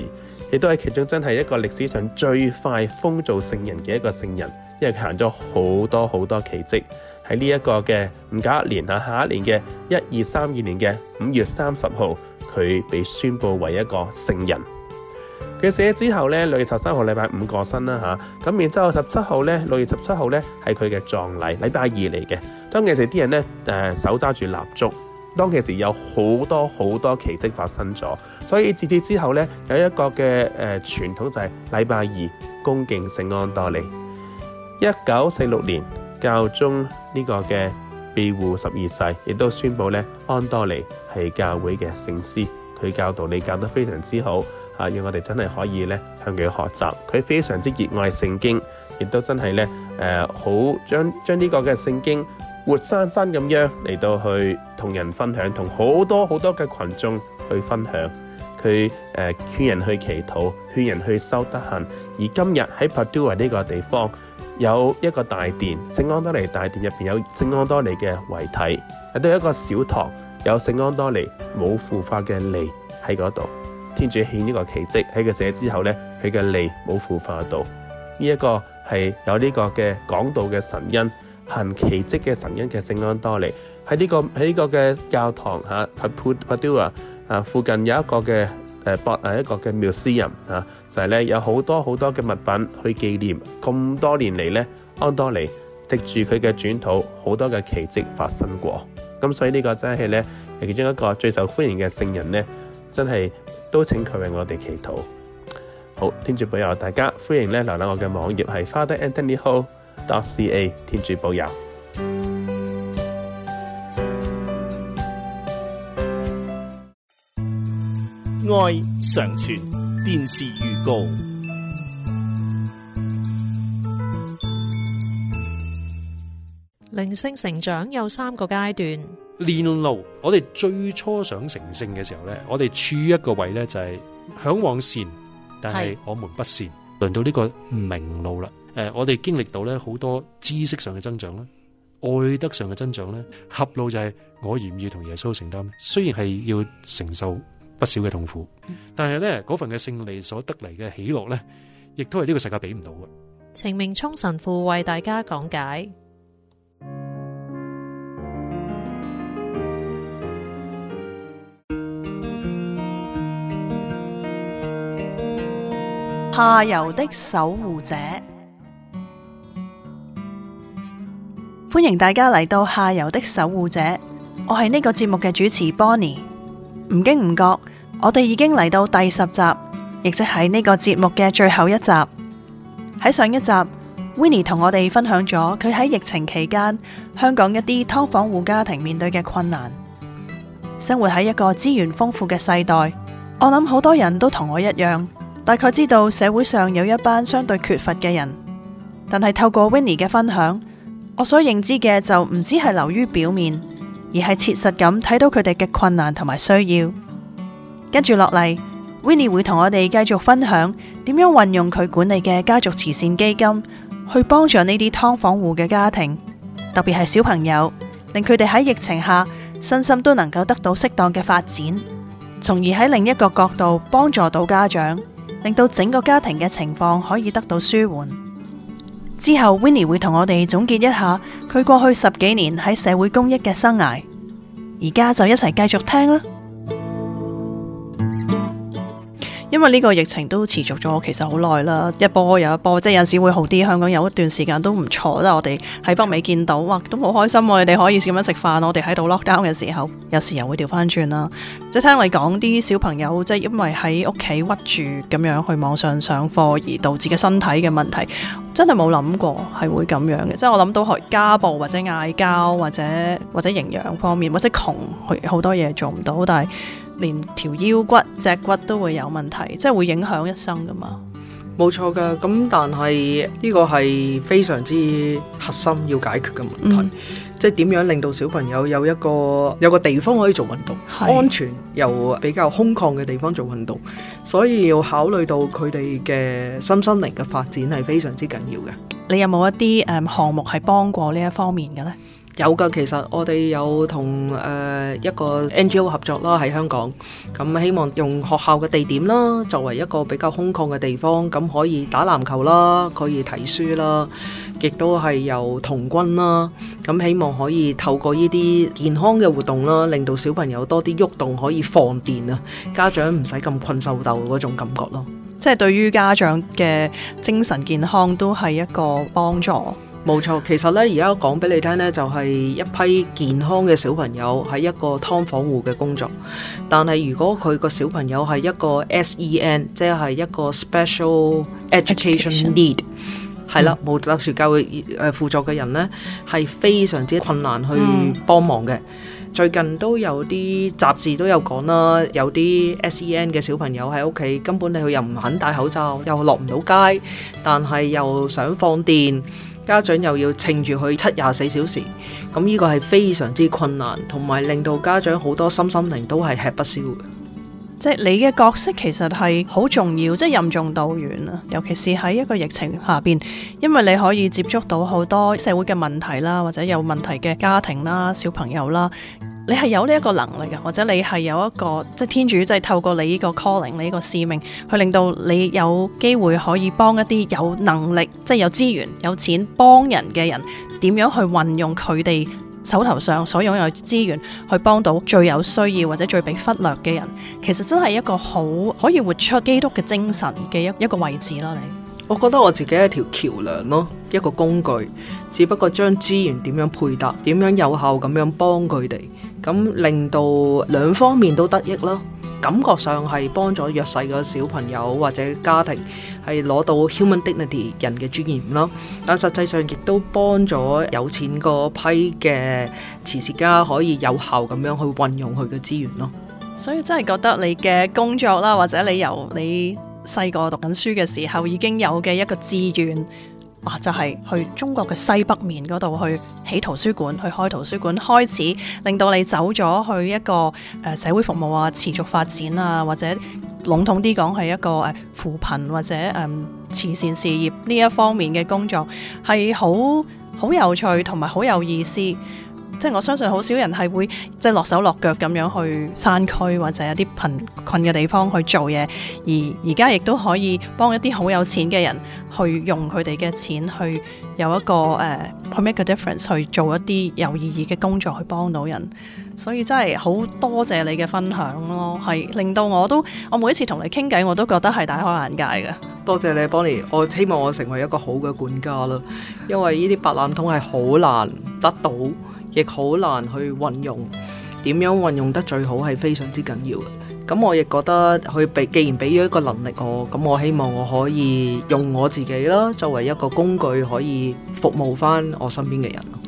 亦都係其中真係一個歷史上最快封造聖人嘅一個聖人，因為佢行咗好多好多奇蹟喺呢一個嘅唔夠一年啊，下一年嘅一二三二年嘅五月三十號，佢被宣布為一個聖人。佢死咗之後咧，六月十三號禮拜五過身啦吓，咁然之後十七號咧，六月十七號咧係佢嘅葬禮，禮拜二嚟嘅。當其時啲人咧，誒手揸住蠟燭，當其時有好多好多奇蹟發生咗，所以自此之後咧有一個嘅誒傳統就係禮拜二恭敬聖安多尼。一九四六年教宗呢個嘅庇護十二世亦都宣佈咧，安多尼係教會嘅聖師，佢教導你教得非常之好。啊！要我哋真係可以咧向佢學習，佢非常之熱愛聖經，亦都真係咧誒好將將呢個嘅聖經活生生咁樣嚟到去同人分享，同好多好多嘅群眾去分享。佢誒勸人去祈禱，勸人去修德行。而今日喺帕多維呢個地方有一個大殿，聖安多尼大殿入邊有聖安多尼嘅遺體，喺到有一個小堂，有聖安多尼冇腐化嘅脷喺嗰度。天主顯呢個奇蹟喺佢寫之後呢，佢嘅脷冇腐化到，呢、這、一個係有呢個嘅講道嘅神恩、行奇蹟嘅神恩嘅聖安多尼，喺呢、這個喺呢個嘅教堂嚇，Padua 啊，ua，啊附近有一個嘅誒博啊一個嘅 museum 嚇，就係、是、呢有好多好多嘅物品去紀念咁多年嚟呢安多尼滴住佢嘅轉土，好多嘅奇蹟發生過，咁所以呢個真係呢，其中一個最受歡迎嘅聖人呢，真係。都請佢為我哋祈禱。好，天主保佑大家！歡迎咧瀏覽我嘅網頁，係 fatheranthonyho.ca。天主保佑，愛常傳。電視預告，靈性成長有三個階段。練路，我哋最初想成聖嘅時候咧，我哋處於一個位咧就係向往善，但係我們不善。輪是到呢個明路啦，誒、呃，我哋經歷到咧好多知識上嘅增長啦，愛德上嘅增長咧，合路就係我願意同耶穌承擔。雖然係要承受不少嘅痛苦，但係咧嗰份嘅勝利所得嚟嘅喜樂咧，亦都係呢個世界俾唔到嘅。程明聰神父為大家講解。下游的守護者，歡迎大家嚟到下游的守護者。我係呢個節目嘅主持 Bonnie。唔經唔覺，我哋已經嚟到第十集，亦即係呢個節目嘅最後一集。喺上一集，Winnie 同我哋分享咗佢喺疫情期間香港一啲劏房戶家庭面對嘅困難。生活喺一個資源豐富嘅世代，我諗好多人都同我一樣。大概知道社會上有一班相對缺乏嘅人，但係透過 Winnie 嘅分享，我所認知嘅就唔止係流於表面，而係切實咁睇到佢哋嘅困難同埋需要。跟住落嚟，Winnie 會同我哋繼續分享點樣運用佢管理嘅家族慈善基金去幫助呢啲劏房戶嘅家庭，特別係小朋友，令佢哋喺疫情下身心都能夠得到適當嘅發展，從而喺另一個角度幫助到家長。令到整個家庭嘅情況可以得到舒緩。之後，Winnie 會同我哋總結一下佢過去十幾年喺社會公益嘅生涯。而家就一齊繼續聽啦。因為呢個疫情都持續咗其實好耐啦，一波又一波，即係有時會好啲，香港有一段時間都唔錯。即係我哋喺北美見到，哇，都好開心啊，你哋可以咁樣食飯。我哋喺度 lockdown 嘅時候，有時又會調翻轉啦。即係聽你講啲小朋友，即係因為喺屋企屈住咁樣去網上上課而導致嘅身體嘅問題，真係冇諗過係會咁樣嘅。即係我諗到家暴或者嗌交或者或者營養方面或者窮，好好多嘢做唔到，但係。連條腰骨、脊骨都會有問題，即係會影響一生噶嘛？冇錯㗎，咁但係呢個係非常之核心要解決嘅問題，嗯、即係點樣令到小朋友有一個有一個地方可以做運動，是安全又比較空曠嘅地方做運動，所以要考慮到佢哋嘅身心靈嘅發展係非常之緊要嘅。你有冇一啲誒、嗯、項目係幫過呢一方面嘅呢？有㗎，其實我哋有同誒、呃、一個 NGO 合作啦，喺香港，咁希望用學校嘅地點啦，作為一個比較空曠嘅地方，咁可以打籃球啦，可以睇書啦，亦都係由童軍啦，咁希望可以透過呢啲健康嘅活動啦，令到小朋友多啲喐動，可以放電啊，家長唔使咁困獸鬥嗰種感覺咯，即係對於家長嘅精神健康都係一個幫助。冇錯，其實咧，而家我講俾你聽呢，就係、是、一批健康嘅小朋友喺一個劏房戶嘅工作。但係如果佢個小朋友係一個 S E N，即係一個 special education, education need，係啦、嗯，冇特殊教育誒輔助嘅人呢，係非常之困難去幫忙嘅。嗯、最近都有啲雜誌都有講啦，有啲 S E N 嘅小朋友喺屋企根本，佢又唔肯戴口罩，又落唔到街，但係又想放電。家長又要稱住佢七廿四小時，咁呢個係非常之困難，同埋令到家長好多心心靈都係吃不消嘅。即係你嘅角色其實係好重要，即係任重道遠啊！尤其是喺一個疫情下邊，因為你可以接觸到好多社會嘅問題啦，或者有問題嘅家庭啦、小朋友啦。你係有呢一個能力嘅，或者你係有一個即係天主即係透過你呢個 calling，你呢個使命去令到你有機會可以幫一啲有能力，即係有資源有錢幫人嘅人，點樣去運用佢哋手頭上所擁有資源去幫到最有需要或者最被忽略嘅人，其實真係一個好可以活出基督嘅精神嘅一個位置咯。你，我覺得我自己係條橋梁咯，一個工具。只不過將資源點樣配搭，點樣有效咁樣幫佢哋，咁令到兩方面都得益咯。感覺上係幫咗弱勢嘅小朋友或者家庭，係攞到 human dignity 人嘅尊嚴咯。但實際上亦都幫咗有錢嗰批嘅慈善家，可以有效咁樣去運用佢嘅資源咯。所以真係覺得你嘅工作啦，或者你由你細個讀緊書嘅時候已經有嘅一個志願。哇、啊！就係、是、去中國嘅西北面嗰度去起圖書館，去開圖書館，開始令到你走咗去一個誒社會服務啊、持續發展啊，或者籠統啲講係一個誒扶貧或者誒、嗯、慈善事業呢一方面嘅工作，係好好有趣同埋好有意思。即係我相信好少人係會即係落手落腳咁樣去山區或者一啲貧困嘅地方去做嘢，而而家亦都可以幫一啲好有錢嘅人去用佢哋嘅錢去有一個誒去、uh, make a difference 去做一啲有意義嘅工作去幫到人，所以真係好多謝你嘅分享咯，係令到我都我每一次同你傾偈我都覺得係大開眼界嘅。多謝你，Bonnie。我希望我成為一個好嘅管家囉，因為呢啲白攬桶係好難得到。亦好難去運用，點樣運用得最好係非常之緊要嘅。咁我亦覺得佢俾，既然俾咗一個能力我，咁我希望我可以用我自己啦，作為一個工具，可以服務返我身邊嘅人。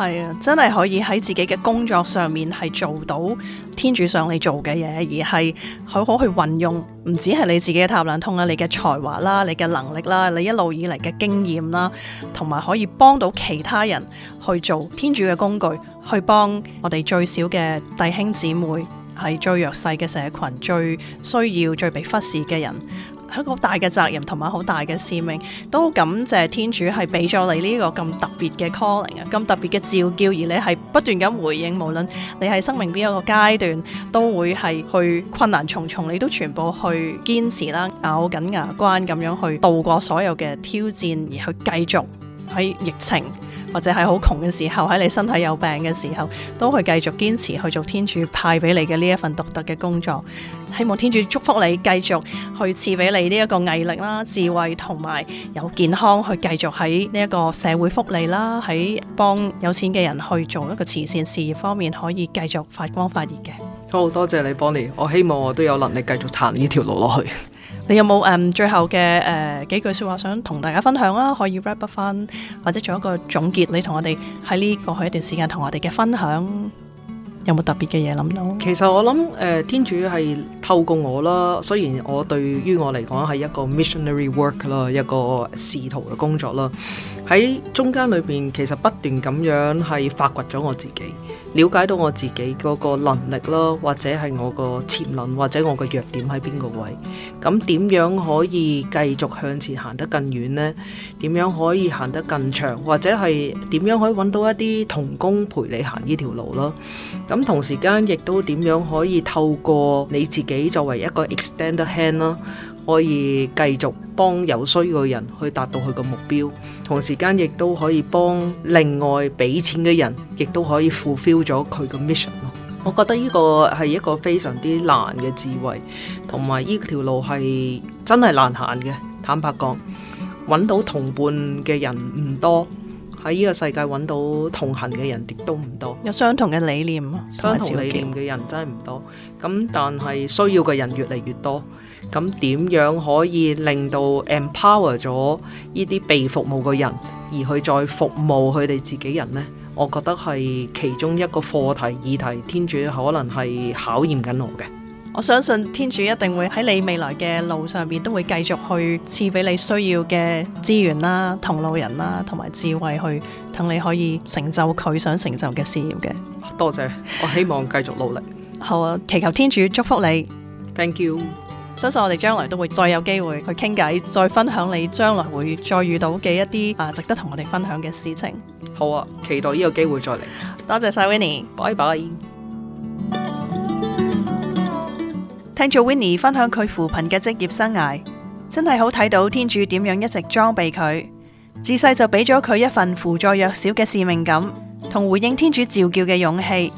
係啊，真係可以喺自己嘅工作上面係做到天主想你做嘅嘢，而係好好去運用，唔止係你自己嘅塔冷通啦，你嘅才華啦，你嘅能力啦，你一路以嚟嘅經驗啦，同埋可以幫到其他人去做天主嘅工具，去幫我哋最小嘅弟兄姊妹，係最弱勢嘅社群，最需要、最被忽視嘅人。嗯一個好大嘅責任同埋好大嘅使命，都感謝天主係俾咗你呢個咁特別嘅 calling 啊，咁特別嘅召叫，而你係不斷咁回應，無論你係生命邊一個階段，都會係去困難重重，你都全部去堅持啦，咬緊牙關咁樣去度過所有嘅挑戰，而去繼續喺疫情，或者係好窮嘅時候，喺你身體有病嘅時候，都去繼續堅持去做天主派俾你嘅呢一份獨特嘅工作。希望天主祝福你，繼續去賜俾你呢一個毅力啦、智慧同埋有，有健康，去繼續喺呢一個社會福利啦，喺幫有錢嘅人去做一個慈善事業方面，可以繼續發光發熱嘅。好多謝你，Bonnie。我希望我都有能力繼續撐呢條路落去。你有冇誒最後嘅誒、呃、幾句說話想同大家分享啊？可以 rap 翻，或者做一個總結。你同我哋喺呢過去一段時間同我哋嘅分享有冇特別嘅嘢諗到？其實我諗誒、呃，天主係透過我啦。雖然我對於我嚟講係一個 missionary work 啦，一個仕途嘅工作啦，喺中間裏邊其實不斷咁樣係發掘咗我自己。了解到我自己嗰個能力咯，或者係我個潛能，或者我個弱點喺邊個位，咁點樣可以繼續向前行得更遠呢？點樣可以行得更長，或者係點樣可以揾到一啲同工陪你行呢條路咯？咁同時間亦都點樣可以透過你自己作為一個 extended hand 咯？可以繼續幫有需要嘅人去達到佢個目標，同時間亦都可以幫另外俾錢嘅人，亦都可以 fulfill 咗佢個 mission 咯。我覺得呢個係一個非常之難嘅智慧，同埋呢條路係真係難行嘅。坦白講，揾到同伴嘅人唔多，喺呢個世界揾到同行嘅人亦都唔多，有相同嘅理念，相同理念嘅人真係唔多。咁但係需要嘅人越嚟越多。咁點樣可以令到 empower 咗呢啲被服務嘅人，而去再服務佢哋自己人呢？我覺得係其中一個課題議題，天主可能係考驗緊我嘅。我相信天主一定會喺你未來嘅路上邊都會繼續去賜俾你需要嘅資源啦、同路人啦，同埋智慧去等你可以成就佢想成就嘅事業嘅。多謝，我希望繼續努力。 好啊，祈求天主祝福你。Thank you。相信我哋將來都會再有機會去傾偈，再分享你將來會再遇到嘅一啲啊，值得同我哋分享嘅事情。好啊，期待呢個機會再嚟。 多謝晒 Winnie，拜拜。聽咗 Winnie 分享佢扶貧嘅職業生涯，真係好睇到天主點樣一直裝備佢，自細就俾咗佢一份輔助弱小嘅使命感，同回應天主召叫嘅勇氣，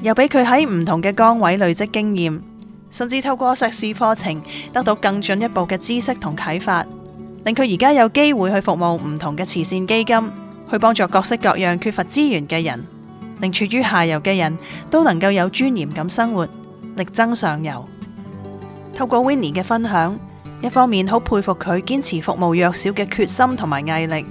又俾佢喺唔同嘅崗位累積經驗。甚至透過碩士課程得到更進一步嘅知識同啟發，令佢而家有機會去服務唔同嘅慈善基金，去幫助各式各樣缺乏資源嘅人，令處於下游嘅人都能夠有尊嚴咁生活，力爭上游。透過 Winnie 嘅分享，一方面好佩服佢堅持服務弱小嘅決心同埋毅力，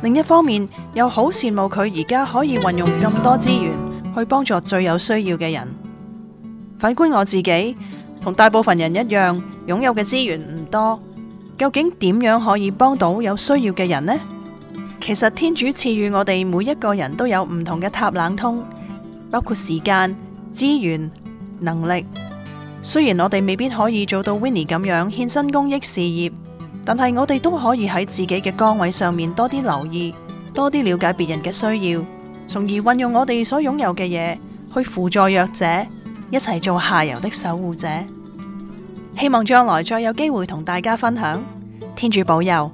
另一方面又好羨慕佢而家可以運用咁多資源去幫助最有需要嘅人。反觀我自己。同大部分人一樣，擁有嘅資源唔多，究竟點樣可以幫到有需要嘅人呢？其實天主賜予我哋每一個人都有唔同嘅塔冷通，包括時間、資源、能力。雖然我哋未必可以做到 Winnie 咁樣獻身公益事業，但係我哋都可以喺自己嘅崗位上面多啲留意，多啲了解別人嘅需要，從而運用我哋所擁有嘅嘢去輔助弱者。一齊做下游的守護者，希望將來再有機會同大家分享。天主保佑。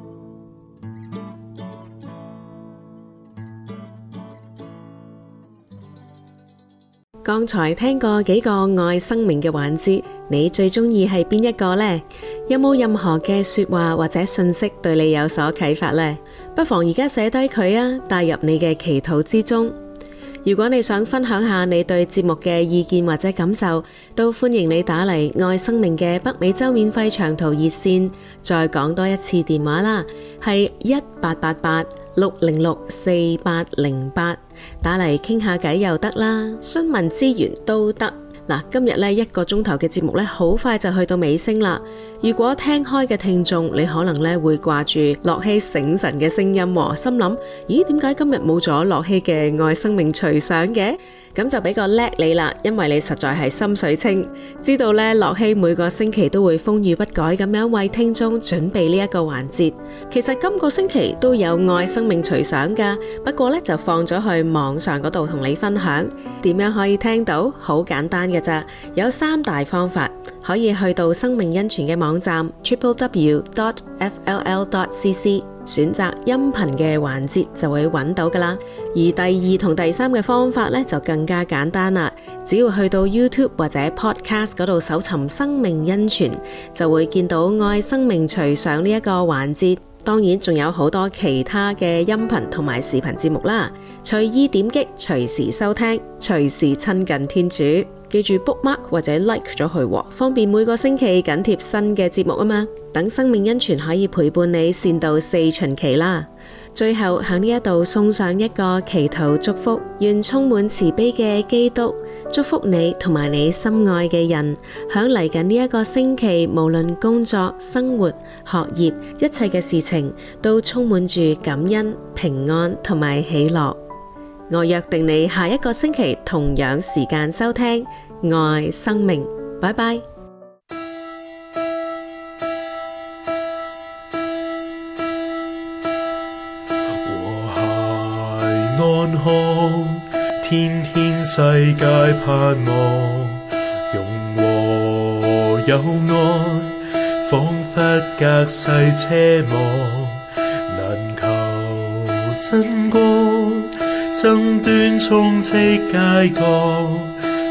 剛才聽過幾個愛生命嘅環節，你最鍾意係邊一個呢？有冇任何嘅說話或者訊息對你有所啟發呢？不妨而家寫低佢啊，帶入你嘅祈禱之中。如果你想分享下你對節目嘅意見或者感受，都歡迎你打嚟愛生命嘅北美洲免費長途熱線。再講多一次電話啦，係一八八八六零六四八零八，8，打嚟傾下偈又得啦，詢問資源都得。嗱，今日呢一個鐘頭嘅節目呢，好快就去到尾聲啦。如果聽開嘅聽眾，你可能呢會掛住樂希醒神嘅聲音，心諗咦，點解今日冇咗樂希嘅愛生命隨想嘅？咁就俾個叻你啦，因為你實在係心水清，知道呢，樂希每個星期都會風雨不改咁樣為聽眾準備呢一個環節。其實今個星期都有愛生命隨想噶，不過呢就放咗去網上嗰度同你分享。點樣可以聽到？好簡單噶咋，有三大方法可以去到生命恩泉嘅網站 triple w dot fll dot cc。選擇音頻嘅環節就會揾到噶啦，而第二同第三嘅方法呢，就更加簡單啦。只要去到 YouTube 或者 Podcast 度搜尋生命恩泉，就會見到愛生命隨上呢一個環節。當然仲有好多其他嘅音頻同埋視頻節目啦，隨意點擊，隨時收聽，隨時親近天主。記住 Bookmark 或者 Like 咗佢，方便每個星期緊貼新嘅節目啊嘛！等生命恩泉可以陪伴你善度四旬期啦。最後喺呢一度送上一個祈禱祝福，願充滿慈悲嘅基督祝福你同埋你心愛嘅人，響嚟緊呢一個星期，無論工作、生活、學業，一切嘅事情都充滿住感恩、平安同埋喜樂。我約定你下一個星期同樣時間收聽。愛生命，拜拜。和諧 安康，天天世界盼望，融和有愛，仿彿隔世奢望，難求真歌，爭端充斥街角。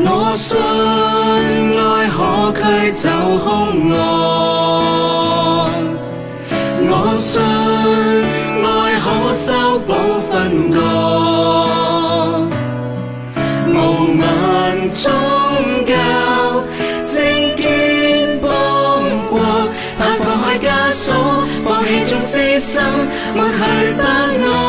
我信愛可驅走凶惡，我信愛可修補分割，無論宗教政見邦國，但放開枷鎖，放棄盡私心，抹去不安。